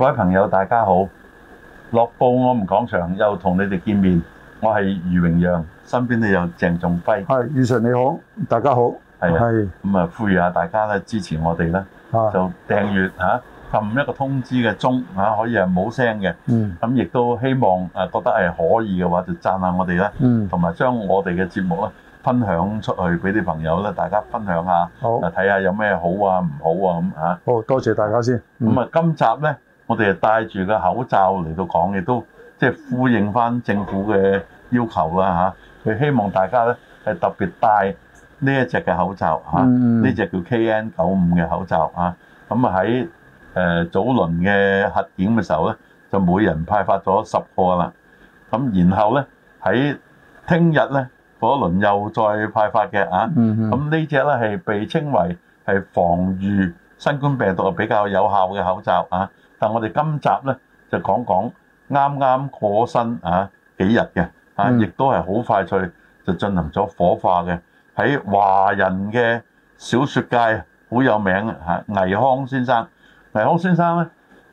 各位朋友，大家好！樂報我們講場又同你哋見面，我係余榮讓，身邊都有鄭仲輝。係，余 Sir 你好，大家好。係啊，咁啊是，呼籲下大家咧支持我哋咧，是就訂閱嚇，撳、啊、一個通知嘅鐘、啊、可以係冇聲嘅。嗯。咁亦都希望誒、啊、覺得係可以嘅話，就讚下我哋啦，嗯。同埋將我哋嘅節目咧分享出去俾啲朋友咧，大家分享下。好。睇、啊、下有咩好啊，唔好啊咁嚇。啊、好，多謝大家先。咁啊，今集咧～、嗯我哋係戴住個口罩嚟到講嘢，都即係呼應翻政府嘅要求啦嚇。佢希望大家咧係特別戴呢一隻嘅口罩嚇，呢、嗯、隻叫 K N 九五嘅口罩啊。咁啊喺誒早輪嘅核檢嘅時候咧，就每人派發咗十個啦。咁然後咧喺聽日咧嗰輪又再派發嘅啊。咁呢隻咧係被稱為係防禦新冠病毒比較有效嘅口罩啊。但我哋今集咧就講講啱啱過身啊幾日嘅啊，亦、啊、都係好快脆就進行咗火化嘅。喺華人嘅小説界好有名嘅倪、啊、匡先生。倪匡先生咧，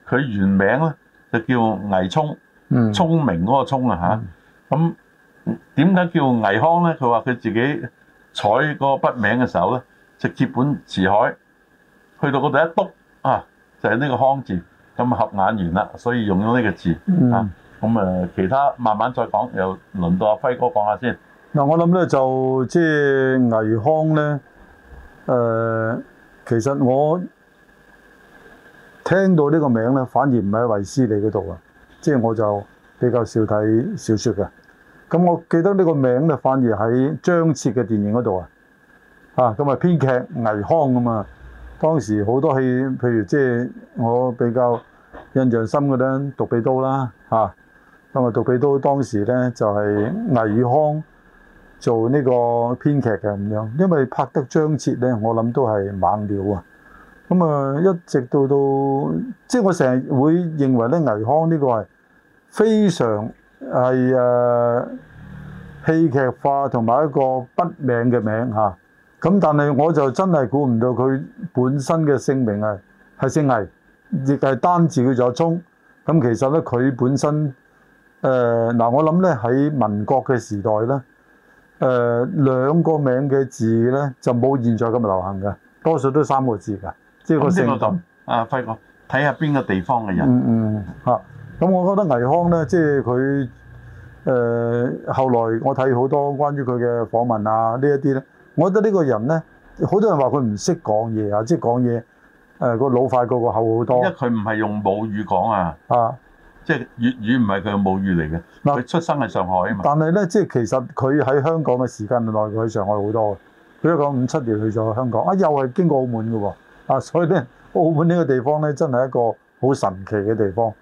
佢原名咧就叫倪聰，聰明嗰個聰啊，咁點解叫倪匡咧？佢話佢自己採個筆名嘅時候咧，直接本辭海去到嗰度一篤，啊，就係、是、呢個匡字。咁合眼緣啦，所以用咗呢個字嚇。咁誒、嗯啊，其他慢慢再講，又輪到阿輝哥講下先。嗱、嗯，我諗咧就即係倪匡咧，誒、呃，其實我聽到呢個名咧，反而唔喺維斯利嗰度啊。即、就、係、是、我就比較少睇小説嘅。咁我記得呢個名咧，反而喺張徹嘅電影嗰度啊。啊，咁啊編劇倪匡啊嘛。當時好多戲，譬如即係我比較印象深嘅咧，《獨臂刀》啦，嚇。咁啊，《獨臂刀》當時咧就係、是、倪匡做呢個編劇嘅咁樣，因為拍得章節咧，我諗都係猛料啊。咁啊，一直到到即係我成日會認為咧，倪匡呢個係非常係誒、啊、戲劇化同埋一個筆名嘅名嚇。啊。咁但係我就真係估唔到佢本身嘅姓名係係姓倪，亦係單字叫做聰。咁其實咧，佢本身誒嗱、呃，我諗咧喺民國嘅時代咧，誒、呃、兩個名嘅字咧就冇現在咁流行嘅，多數都三個字㗎。嗯、即係個姓啊輝哥，睇下邊個地方嘅人？嗯嗯咁、嗯、我覺得倪匡咧，即係佢誒後來我睇好多關於佢嘅訪問啊，呢一啲咧。我覺得呢個人呢，好多人說他不說話，佢唔識講嘢啊，即係講嘢，誒、呃那個腦快過個口好多。因為佢唔係用母語講啊，是啊，即係粵語唔係佢母語嚟嘅。佢、啊、出生喺上海啊嘛。但係呢，即係其實佢喺香港嘅時間咪耐過喺上海好多嘅。比如講五七年去咗香港，啊又係經過澳門嘅喎、啊，啊所以呢，澳門呢個地方呢，真係一個好神奇嘅地方。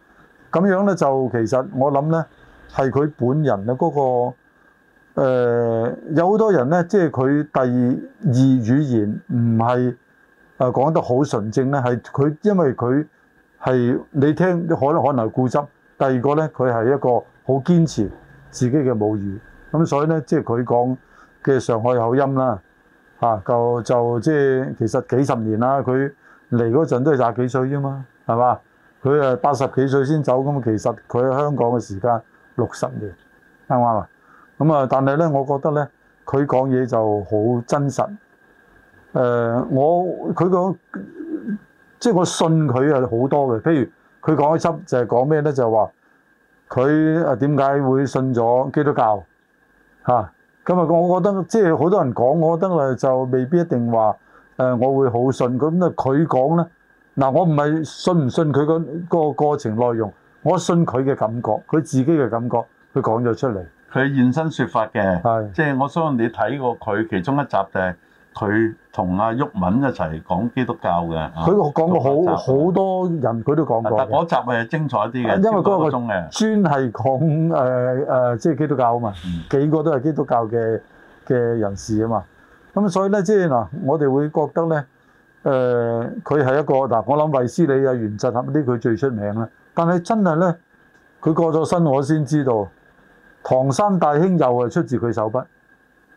咁樣呢，就其實我諗呢，係佢本人嘅嗰、那個。誒、呃、有好多人咧，即係佢第，第二語言唔係誒講得好純正咧，係佢因為佢係你聽，可能可能係固執。第二個咧，佢係一個好堅持自己嘅母語。咁所以咧，即係佢講嘅上海口音啦、啊，就就即係其實幾十年啦。佢嚟嗰陣都係廿幾歲啫嘛，係嘛？佢係八十幾歲先走，咁其實佢喺香港嘅時間六十年，啱唔啱啊？咁啊、嗯！但係咧，我覺得咧，佢講嘢就好真實。誒、呃，我佢講、嗰個、即係我信佢係好多嘅。譬如佢講一輯就係講咩咧？就係話佢誒點解會信咗基督教嚇，咁啊，我！我覺得即係好多人講，我覺得咧就未必一定話、呃、我會好信佢咁。但佢講咧嗱，我唔係信唔信佢個個過程內容，我信佢嘅感覺，佢自己嘅感覺，佢講咗出嚟。佢現身說法嘅，是即係我相信你睇過佢其中一集，就係佢同阿毓民一齊講基督教嘅。佢講過好，好多人佢都講過。嗰集係精彩啲嘅，因為嗰嘅專係講誒誒、呃呃，即係基督教啊嘛，嗯、幾個都係基督教嘅嘅人士啊嘛。咁所以咧，即係嗱，我哋會覺得咧，誒、呃，佢係一個嗱、呃，我諗衛斯理啊、原振俠啲佢最出名啦。但係真係咧，佢過咗身，我先知道。唐山大兄又係出自佢手筆，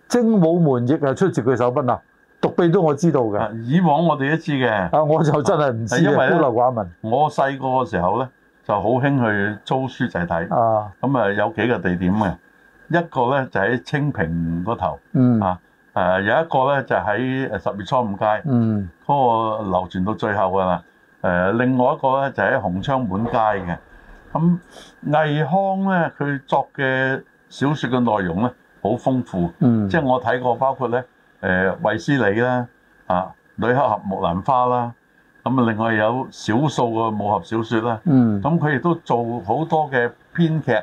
精武門亦係出自佢手筆啊！獨臂刀都我知道嘅，以往我哋都知嘅。啊，我就真係唔知，因為孤陋寡聞。我細個嘅時候咧，就好興去租書仔睇。啊，咁啊有幾個地點嘅，一個咧就喺清平嗰頭，嗯啊，誒有一個咧就喺誒十月初五街，嗯，嗰個流傳到最後㗎喇。誒另外一個咧就喺紅昌滿街嘅。咁倪匡咧，佢作嘅小説嘅內容咧，好豐富，嗯、即係我睇過包括咧，誒《衛斯理》啦、呃，啊《女黑俠木蘭花》啦，咁啊另外有少數嘅武俠小説啦，咁佢亦都做好多嘅編劇、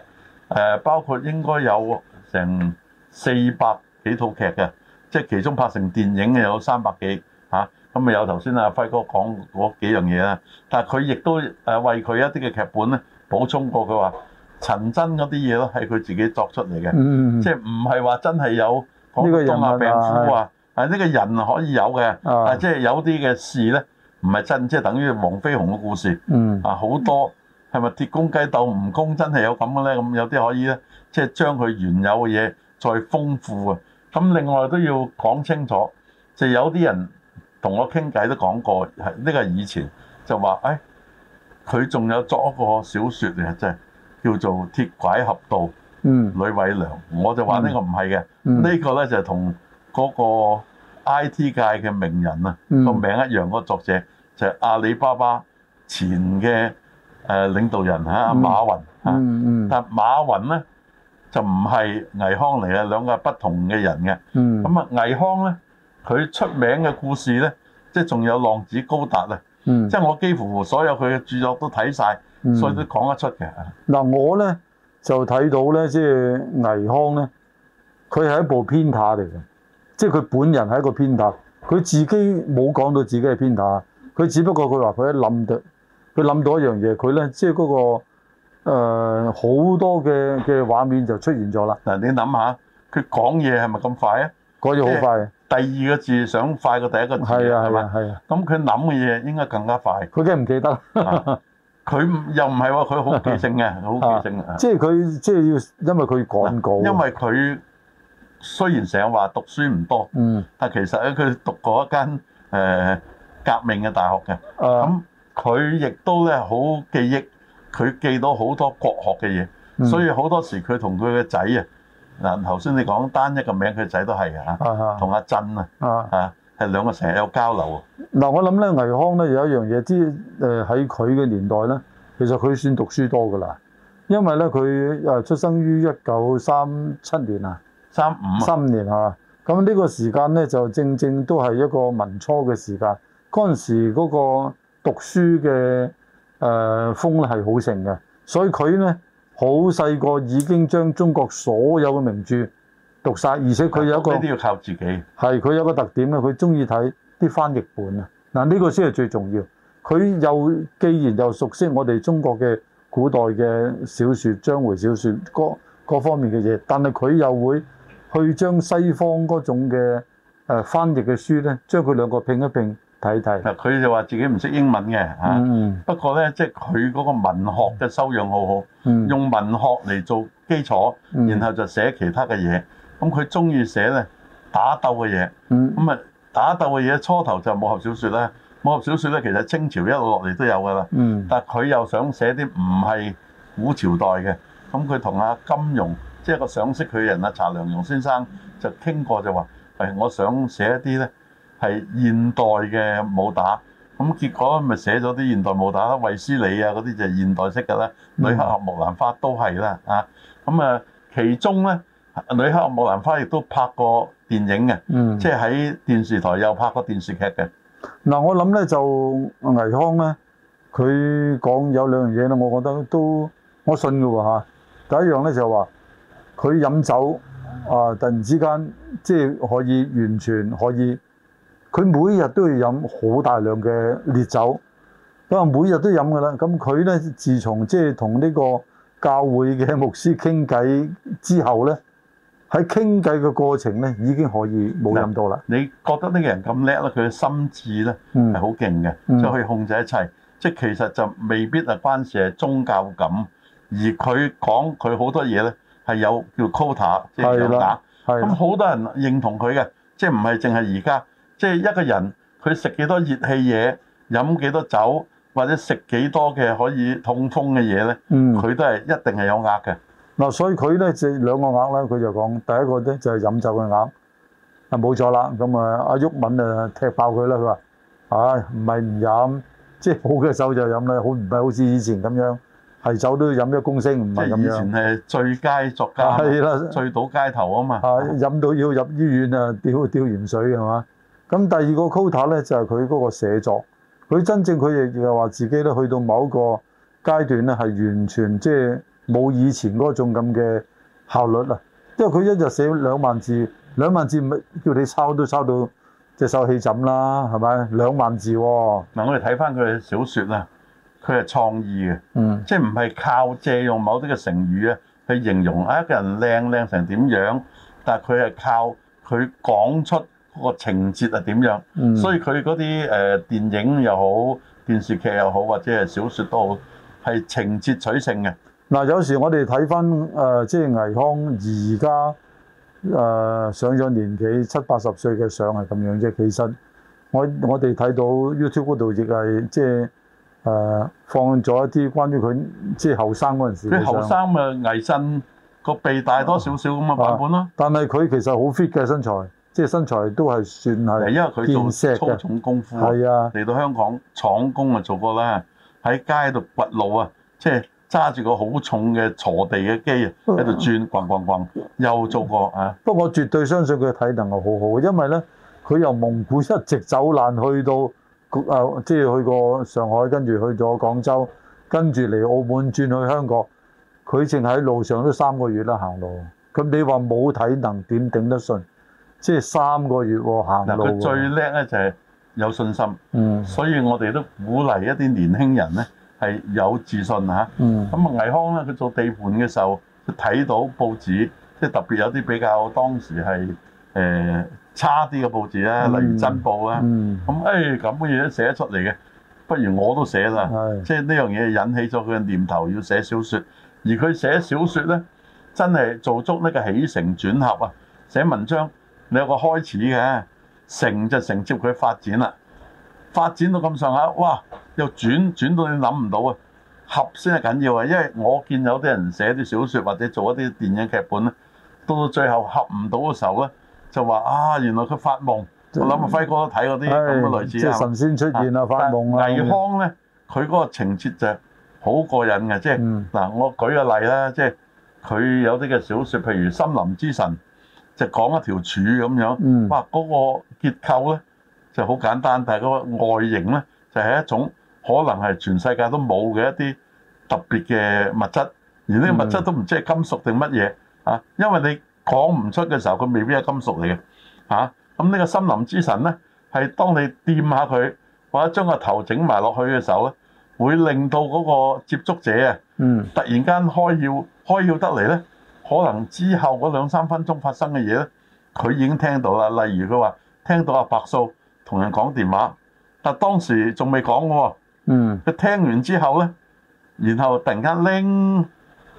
呃，包括應該有成四百幾套劇嘅，即係其中拍成電影嘅有三百幾嚇，咁啊有頭先阿輝哥講嗰幾樣嘢啦，但係佢亦都誒為佢一啲嘅劇本咧。補充過佢話，佢話陳真嗰啲嘢咯，係佢自己作出嚟嘅，嗯、即係唔係話真係有講東亞病夫啊？說啊呢個人可以有嘅，啊即係有啲嘅事咧唔係真，即係等於黃飛鴻嘅故事。嗯啊好多係咪鐵公雞鬥蜈蚣真係有咁嘅咧？咁有啲可以咧，即係將佢原有嘅嘢再豐富啊。咁另外都要講清楚，就係、有啲人同我傾偈都講過，係、這、呢個係以前就話誒。哎佢仲有作一個小説嘅，就係、是、叫做《鐵軌俠道》。嗯，呂偉良，我就話呢個唔係嘅。呢、嗯、個咧就係同嗰個 I T 界嘅名人啊個、嗯、名一樣，嗰個作者就係、是、阿里巴巴前嘅誒領導人嚇、嗯啊、馬雲嚇。嗯嗯、但馬雲咧就唔係倪匡嚟嘅，兩個不同嘅人嘅。咁啊、嗯，倪匡咧佢出名嘅故事咧，即係仲有《浪子高達》啊。嗯，即係我幾乎所有佢嘅著作都睇晒，所以都講得出嘅、嗯。嗱、嗯，我咧就睇到咧，即係倪匡咧，佢係一部編塔嚟嘅，即係佢本人係一個編塔，佢自己冇講到自己係編塔，佢只不過佢話佢一諗到，佢諗到一樣嘢，佢咧即係嗰、那個誒好、呃、多嘅嘅畫面就出現咗啦。嗱、嗯，你諗下，佢講嘢係咪咁快啊？講嘢好快。第二個字想快過第一個字啊，係嘛？係啊，咁佢諗嘅嘢應該更加快。佢記唔記得，佢 又唔係喎，佢好記性嘅，好記性啊。即係佢即係要，因為佢講過。因為佢雖然成日話讀書唔多，嗯，但其實咧佢讀過一間誒、呃、革命嘅大學嘅，咁佢亦都咧好記憶，佢記到好多國學嘅嘢，嗯、所以好多時佢同佢嘅仔啊。嗱，頭先你講單一個名，佢仔都係，同阿鄭，啊，啊係兩個成日有交流。嗱，我諗咧，倪匡咧有一樣嘢，知誒喺佢嘅年代咧，其實佢算讀書多噶啦，因為咧佢出生於一九三七年啊，三五三年嚇，咁呢個時間咧就正正都係一個民初嘅時間，嗰陣時嗰個讀書嘅、呃、風咧係好盛嘅，所以佢咧。好細個已經將中國所有嘅名著讀晒，而且佢有一個，呢、啊、要靠自己。係佢有一個特點咧，佢中意睇啲翻譯本啊。嗱、這、呢個先係最重要。佢又既然又熟悉我哋中國嘅古代嘅小説、章回小説各各方面嘅嘢，但係佢又會去將西方嗰種嘅誒、呃、翻譯嘅書咧，將佢兩個拼一拼。睇睇嗱，佢就話自己唔識英文嘅嚇，不過咧即係佢嗰個文學嘅修養好好，用文學嚟做基礎，然後就寫其他嘅嘢。咁佢中意寫咧打鬥嘅嘢，咁啊打鬥嘅嘢初頭就武俠小説啦，武俠小説咧其實清朝一路落嚟都有㗎啦。但係佢又想寫啲唔係古朝代嘅，咁佢同阿金庸即係個賞識佢嘅人阿查良鏞先生就傾過就話：，誒我想寫一啲咧。係現代嘅武打，咁結果咪寫咗啲現代武打啦，衛斯理啊嗰啲就係現代式嘅啦。女黑俠木蘭花都係啦，啊咁、嗯、啊，其中咧，女黑俠木蘭花亦都拍過電影嘅，嗯、即係喺電視台又拍過電視劇嘅。嗱、嗯，我諗咧就倪匡咧，佢講有兩樣嘢咧，我覺得都我信㗎喎、啊、第一樣咧就係話佢飲酒啊，突然之間即係、就是、可以完全可以。佢每日都要飲好大量嘅烈酒，不過每日都飲噶啦。咁佢咧，自從即係同呢個教會嘅牧師傾偈之後咧，喺傾偈嘅過程咧，已經可以冇飲到啦。你覺得呢個人咁叻咧？佢嘅心智咧係好勁嘅，就可以控制一切。嗯、即係其實就未必係關事係宗教感，而佢講佢好多嘢咧係有叫 quota，即係有打咁好多人認同佢嘅，即係唔係淨係而家。即係一個人，佢食幾多熱氣嘢，飲幾多酒，或者食幾多嘅可以痛風嘅嘢咧，佢都係一定係有額嘅。嗱，所以佢咧就兩個額啦，佢就講第一個咧就係飲酒嘅額。啊，冇錯啦，咁啊，阿毓民啊踢爆佢啦，佢話：啊，唔係唔飲，即係好嘅酒就飲啦，好唔係好似以前咁樣，係酒都飲一公升，唔係咁樣。即係以前係醉街作家，醉倒街頭啊嘛，飲到要入醫院啊，吊吊鹽水係嘛？咁第二個 quota 咧就係佢嗰個寫作，佢真正佢亦又話自己咧去到某個階段咧係完全即係冇以前嗰種咁嘅效率啦。因為佢一日寫兩萬字，兩萬字唔係叫你抄都抄到隻手氣枕啦，係咪？兩萬字喎、哦。嗱，我哋睇翻佢嘅小說啦，佢係創意嘅，嗯，即係唔係靠借用某啲嘅成語啊去形容啊一個人靚靚成點樣，但係佢係靠佢講出。個情節係點樣？嗯、所以佢嗰啲誒電影又好，電視劇又好，或者係小説都好，係情節取勝嘅。嗱、嗯，有時我哋睇翻誒，即係倪匡而家誒上咗年紀，七八十歲嘅相係咁樣啫。其實我我哋睇到 YouTube 嗰度亦係即係誒、呃、放咗一啲關於佢即係後生嗰陣時候的。佢後生啊，倪震個鼻大多少少咁嘅版本咯、啊啊。但係佢其實好 fit 嘅身材。即係身材都係算係，係因為佢做粗重功夫，嚟的到香港廠工啊做過啦，喺的街度掘路啊，即係揸住個好重嘅鋤地嘅機啊，喺度轉滾滾滾，又做過、嗯、啊。不過我絕對相信佢體能係好好，因為咧，佢由蒙古一直走難去到誒、呃，即係去過上海，跟住去咗廣州，跟住嚟澳門轉去香港，佢淨喺路上都三個月啦行路。咁你話冇體能點頂得順？即係三個月喎行路。嗱，佢最叻咧就係有信心。嗯，所以我哋都鼓勵一啲年輕人咧係有自信嚇。嗯，咁啊，倪匡咧佢做地盤嘅時候，佢睇到報紙，即係特別有啲比較當時係誒、呃、差啲嘅報紙啦，嗯、例如《真報》啊、嗯。嗯。咁誒咁嘅嘢都寫得出嚟嘅，不如我都寫啦。係是。即係呢樣嘢引起咗佢嘅念頭，要寫小説。而佢寫小説咧，真係做足呢個起承轉合啊！寫文章。你有個開始嘅，成就承接佢發展啦。發展到咁上下，哇，又轉轉到你諗唔到啊！合先係緊要啊，因為我見有啲人寫啲小説或者做一啲電影劇本咧，到到最後合唔到嘅時候咧，就話啊，原來佢發夢。就是、我諗阿輝哥都睇嗰啲咁嘅類似啊。即、就是、神仙出現啊，發夢啊！倪匡咧，佢嗰個情節就好過癮嘅，即係嗱，我舉個例啦，即係佢有啲嘅小説，譬如《森林之神》。就講一條柱咁樣，哇！嗰個結構咧就好簡單，但係嗰個外形咧就係一種可能係全世界都冇嘅一啲特別嘅物質，而呢個物質都唔知係金屬定乜嘢啊！因為你講唔出嘅時候，佢未必係金屬嚟嘅吓。咁呢個森林之神咧，係當你掂下佢或者將個頭整埋落去嘅時候咧，會令到嗰個接觸者啊，突然間開竅，開竅得嚟咧。可能之後嗰兩三分鐘發生嘅嘢咧，佢已經聽到啦。例如佢話聽到阿白素同人講電話，但當時仲未講嘅喎。嗯。佢聽完之後咧，然後突然間拎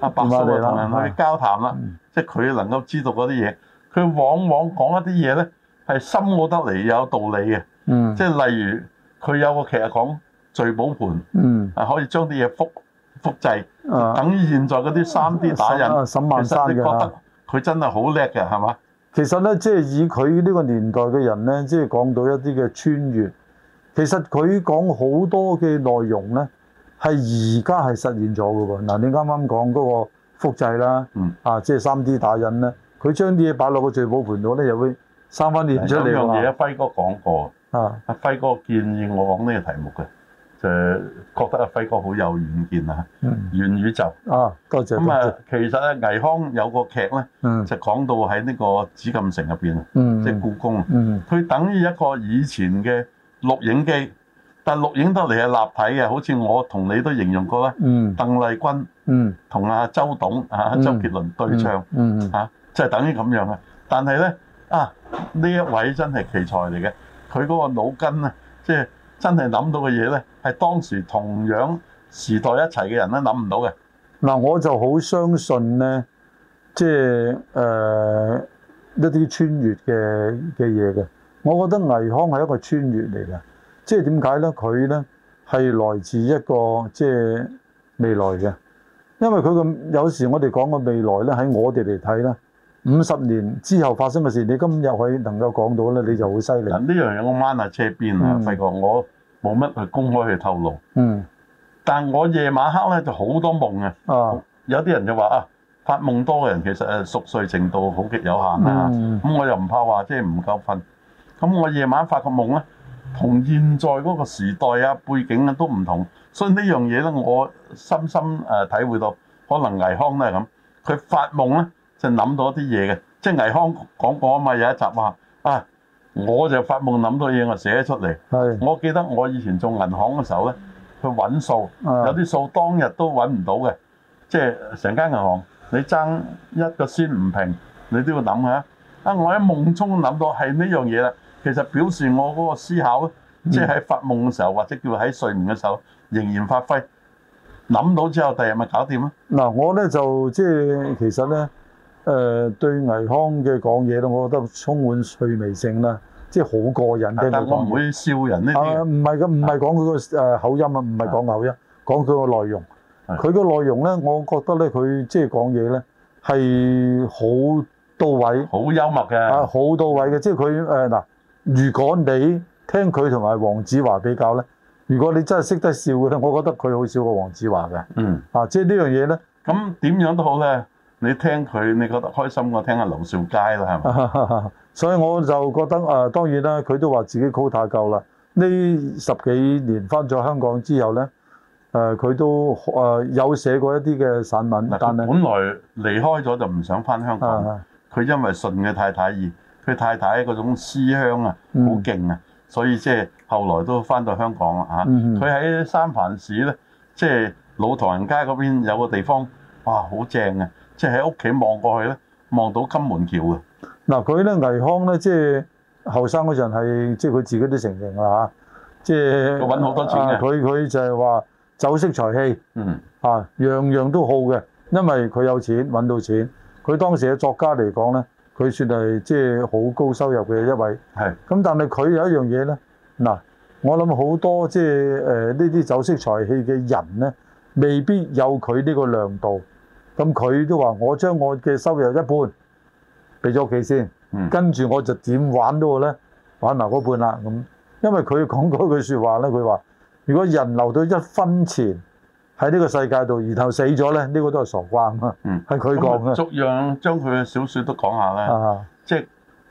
阿白素嚟同人去交談啦。嗯。即係佢能夠知道嗰啲嘢，佢往往講一啲嘢咧係深奧得嚟，有道理嘅。嗯。即係例如佢有個劇集講聚寶盆，嗯。啊，可以將啲嘢複。複製，等於現在嗰啲三 D 打印。啊、沈萬山嘅，佢真係好叻嘅，係嘛？其實咧，即係以佢呢個年代嘅人咧，即係講到一啲嘅穿越，其實佢講好多嘅內容咧，係而家係實現咗嘅喎。嗱，你啱啱講嗰個複製啦，啊，即係三 D 打印咧，佢將啲嘢擺落個聚寶盤度咧，又會三分現出嚟㗎樣嘢啊，輝哥講過啊，阿、啊、輝哥建議我講呢個題目嘅。就覺得阿輝哥好有遠見啊！元宇宙啊，多謝咁啊！嗯、謝其實咧，倪匡有個劇咧，嗯、就講到喺呢個紫禁城入邊啊，即係、嗯、故宮啊。佢、嗯嗯、等於一個以前嘅錄影機，但係錄影得嚟係立體嘅，好似我同你都形容過啦。嗯、鄧麗君同阿周董、嗯、啊，周杰倫對唱、嗯嗯嗯、啊，即、就、係、是、等於咁樣嘅。但係咧啊，呢一位真係奇才嚟嘅，佢嗰個腦筋啊，即係～真係諗到嘅嘢呢，係當時同樣時代一齊嘅人咧諗唔到嘅。嗱，我就好相信呢，即係誒一啲穿越嘅嘅嘢嘅。我覺得倪匡係一個穿越嚟嘅，即係點解呢？佢呢係來自一個即係、就是、未來嘅，因為佢咁。有時我哋講嘅未來，在來呢，喺我哋嚟睇呢。五十年之後發生嘅事，你今日可以能夠講到咧，你就好犀利。嗱，呢樣嘢我掹喺車邊啊，輝哥，我冇乜去公開去透露。嗯，但我夜晚黑咧就好多夢啊。啊，有啲人就話啊，發夢多嘅人其實誒熟睡程度好極有限啊。咁我又唔怕話即係唔夠瞓。咁我夜晚發個夢咧，同現在嗰個時代啊背景啊都唔同。所以呢樣嘢咧，我深深誒體會到，可能倪匡都係咁，佢發夢咧。就係諗到啲嘢嘅，即係倪匡講過啊嘛，有一集話啊，我就發夢諗到嘢，我寫咗出嚟。的我記得我以前做銀行嘅時候咧，去揾數，的有啲數當日都揾唔到嘅，即係成間銀行你爭一個仙唔平，你都要諗下。啊，我喺夢中諗到係呢樣嘢啦，其實表示我嗰個思考，即係喺發夢嘅時候，或者叫喺睡眠嘅時候，仍然發揮。諗到之後，第日咪搞掂咯。嗱，我咧就即係其實咧。誒、呃、對倪匡嘅講嘢咧，我覺得充滿趣味性啦，即係好過癮嘅。但我唔會笑人呢？唔係嘅，唔係講佢個誒口音啊，唔係講口音，講佢個內容。佢個內容咧，我覺得咧，佢即係講嘢咧係好到位，好幽默嘅，啊，好到位嘅。即係佢誒嗱，如果你聽佢同埋黃子華比較咧，如果你真係識得笑嘅咧，我覺得佢好笑過黃子華嘅。嗯。啊，即係呢樣嘢咧，咁點樣都好咧。你聽佢，你覺得開心，我聽阿劉少佳啦，係嘛？ 所以我就覺得誒、啊，當然啦、啊，佢都話自己高太舊啦。呢十幾年翻咗香港之後呢，誒、啊、佢都誒有寫過一啲嘅散文。但係是本來離開咗就唔想翻香港了。佢 因為信嘅太太而佢太太嗰種思鄉啊，好勁啊，嗯、所以即係後來都翻到香港啦、啊、嚇。佢喺、嗯、三藩市呢，即、就、係、是、老唐人街嗰邊有個地方，哇，好正啊！即喺屋企望過去咧，望到金門橋嘅。嗱，佢咧倪匡咧，即後生嗰陣係，即佢自己都承認啦嚇，即揾好多錢嘅。佢佢、啊、就係話酒色財氣，嗯啊，樣樣都好嘅，因為佢有錢揾到錢。佢當時嘅作家嚟講咧，佢算係即好高收入嘅一位。係是。咁但係佢有一樣嘢咧，嗱，我諗好多即誒呢啲酒色財氣嘅人咧，未必有佢呢個量度。咁佢都話：我將我嘅收入一半俾咗屋企先，跟住、嗯、我就點玩都好咧，玩埋嗰半啦。咁因為佢講嗰句話呢說話咧，佢話：如果人留到一分錢喺呢個世界度，然後死咗咧，呢、呢個都係傻瓜啊！係佢、嗯、講嘅。逐、嗯嗯、樣將佢嘅小説都講下啦，即係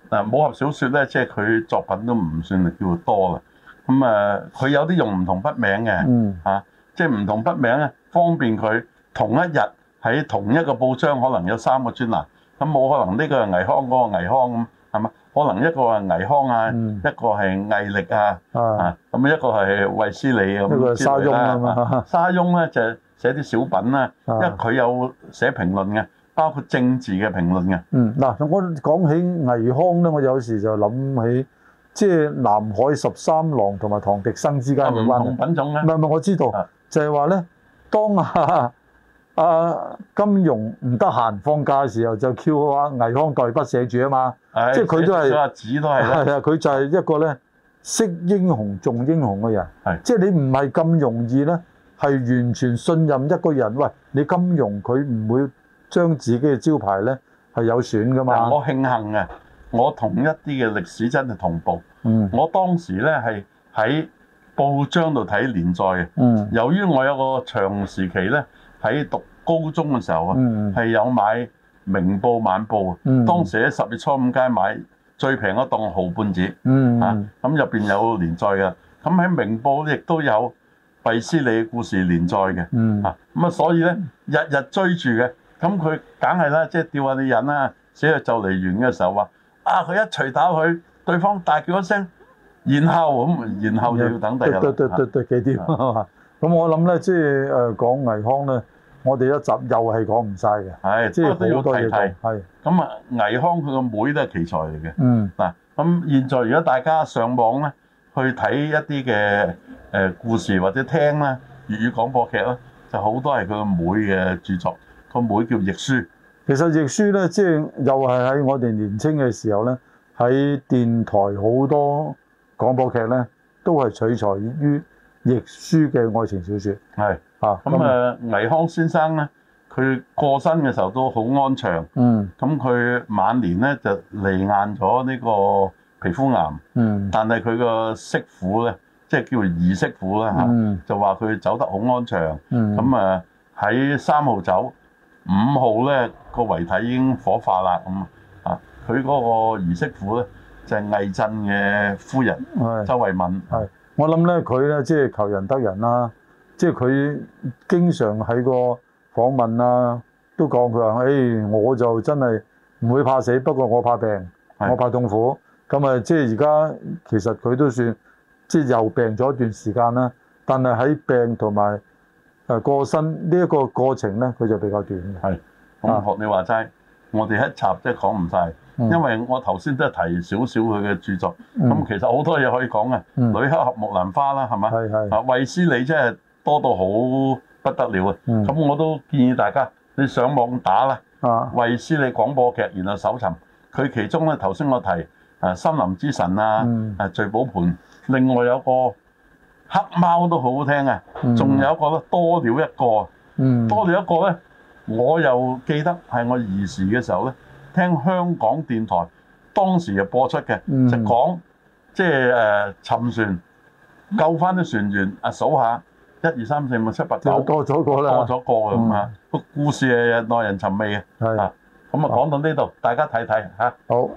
嗱，武俠小説咧，即係佢作品都唔算叫多啦。咁啊，佢、呃、有啲用唔同筆名嘅，即係唔同筆名咧，方便佢同一日。喺同一個報章可能有三個專欄，咁冇可能呢個係倪匡，嗰、那個倪匡咁係嘛？可能一個係倪匡啊，嗯、一個係魏力啊，啊咁、嗯、一個係衛斯理啊呢咁之類啦嗎、啊。沙翁咧就是、寫啲小品啊，因為佢有寫評論嘅，包括政治嘅評論嘅。嗯，嗱我講起倪匡咧，我有時就諗起即係、就是、南海十三郎同埋唐迪生之間嘅關係。唔同品種咧。唔係唔係，我知道是就係話咧，當下、啊。阿、啊、金庸唔得閒，放假嘅時候就 Q 啊倪匡代筆寫住啊嘛，是的即係佢都係紙都係。係啊佢就係一個咧識英雄重英雄嘅人，係的即係你唔係咁容易咧，係完全信任一個人。喂，你金庸佢唔會將自己嘅招牌咧係有損噶嘛？我慶幸啊，我同一啲嘅歷史真係同步。嗯，我當時咧係喺報章度睇連載嘅。嗯，由於我有個長時期咧。喺讀高中嘅時候啊，係有買《明報晚報》啊。當時喺十月初五街買最平嗰檔毫半紙啊。咁入邊有連載嘅，咁喺《明報》亦都有《衛斯理故事》連載嘅啊。咁啊，所以咧日日追住嘅，咁佢梗係啦，即係吊下你人啦、啊。死到就嚟完嘅時候話啊，啊，佢一捶打佢，對方大叫一聲，然後咁，然後就要等第日。咁我諗咧，即係誒講倪匡咧。我哋一集又係講唔晒嘅，係是即係好多嘢講。係咁啊，倪是匡佢個妹都係奇才嚟嘅。嗯嗱，咁現在如果大家上網咧，去睇一啲嘅誒故事或者聽咧粵語廣播劇咧，就好多係佢個妹嘅著作。個妹,妹叫亦舒。其實亦舒咧，即、就、係、是、又係喺我哋年青嘅時候咧，喺電台好多廣播劇咧，都係取材於亦舒嘅愛情小説。係。咁誒、啊嗯啊、倪匡先生咧，佢過身嘅時候都好安詳。嗯，咁佢晚年咧就罹癌咗呢個皮膚癌。嗯，但係佢個媳婦咧，即係叫兒媳婦啦嚇，就話、是、佢、嗯啊、走得好安詳。咁誒喺三號走，五號咧個遺體已經火化啦。咁啊，佢、啊、嗰個兒媳婦咧就係、是、倪震嘅夫人是周慧敏。係，我諗咧佢咧即係求人得人啦、啊。即係佢經常喺個訪問啊，都講佢話，誒、哎，我就真係唔會怕死，不過我怕病，我怕痛苦。咁啊是的，即係而家其實佢都算，即係又病咗一段時間啦。但係喺病同埋誒過身呢一、這個過程咧，佢就比較短的。係，咁學你話齋，的我哋一插即係講唔晒，嗯、因為我頭先都係提少少佢嘅著作。咁、嗯、其實好多嘢可以講嘅，嗯《女黑俠木蘭花》啦，係咪的？啊，衛斯理即係。多到好不得了啊！咁、嗯、我都建議大家，你上網打啦，衛、啊、斯理廣播劇，然後搜尋佢其中咧，頭先我提啊《森林之神》啊，《聚、啊嗯啊、寶盆》，另外有個黑貓都好好聽啊，仲、嗯、有一個多了一個，嗯、多了一個咧，我又記得係我兒時嘅時候咧，聽香港電台當時就播出嘅、嗯，就講即係誒沉船救翻啲船員啊，數下。一二三四五六七八九，多咗個啦，多咗個咁啊，個故事係耐人尋味嘅，係是啊，咁啊講到呢度，好大家睇睇吓。啊、好。